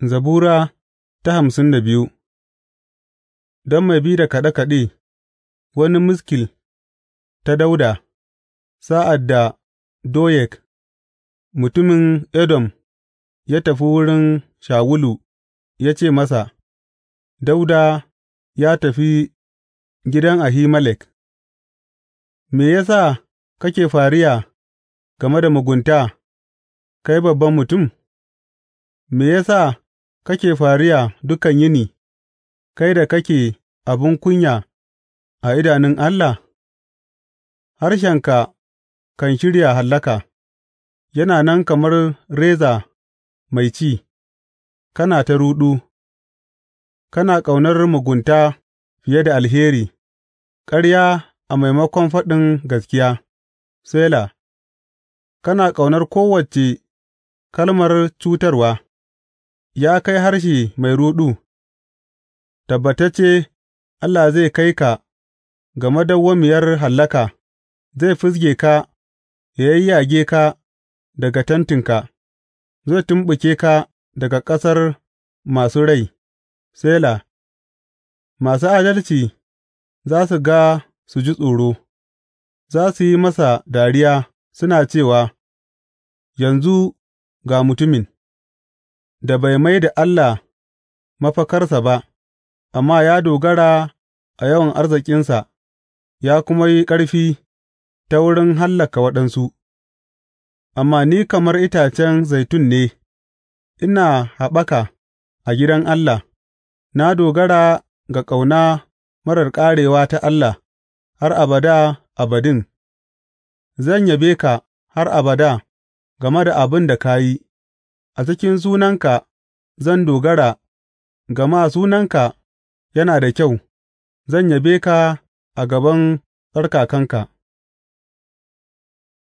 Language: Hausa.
Zabura ta hamsin da biyu Don mai bi da kaɗe kaɗe, wani muskil ta Dauda, sa'ad da doyek mutumin Edom ya tafi wurin Shawulu ya ce masa, Dauda ya tafi gidan Ahimelek, Me ya sa kake fariya game da mugunta, kai babban mutum? Me ya sa kake fariya dukan yini, kai da kake abin kunya a idanun Allah? Harshenka kan shirya hallaka, yana nan kamar reza mai ci, kana ta ruɗu, kana ƙaunar mugunta fiye da alheri, ƙarya a maimakon faɗin gaskiya, Sela, kana ƙaunar kowace kalmar cutarwa. Ya kai harshe mai ruɗu, tabbatacce Allah zai kai ka ga madawwamiyar hallaka; zai fizge ka ya yayyage ka daga tentinka, zai tumɓuke ka daga ƙasar masu rai, Sela Masu adalci za su ga su ji tsoro; za su yi masa dariya suna cewa, Yanzu ga mutumin! da bai mai da Allah mafakarsa ba, amma ya dogara a yawan arzikinsa, ya kuma yi ƙarfi ta wurin hallaka waɗansu, amma ni kamar itacen zaitun ne, ina haɓaka a gidan Allah, na dogara ga ƙauna marar ƙarewa ta Allah har abada abadin, zan yabe ka har abada game da abin da ka yi. A cikin sunanka zan dogara gama sunanka yana da kyau; zan yabe ka a gaban tsarkakanka.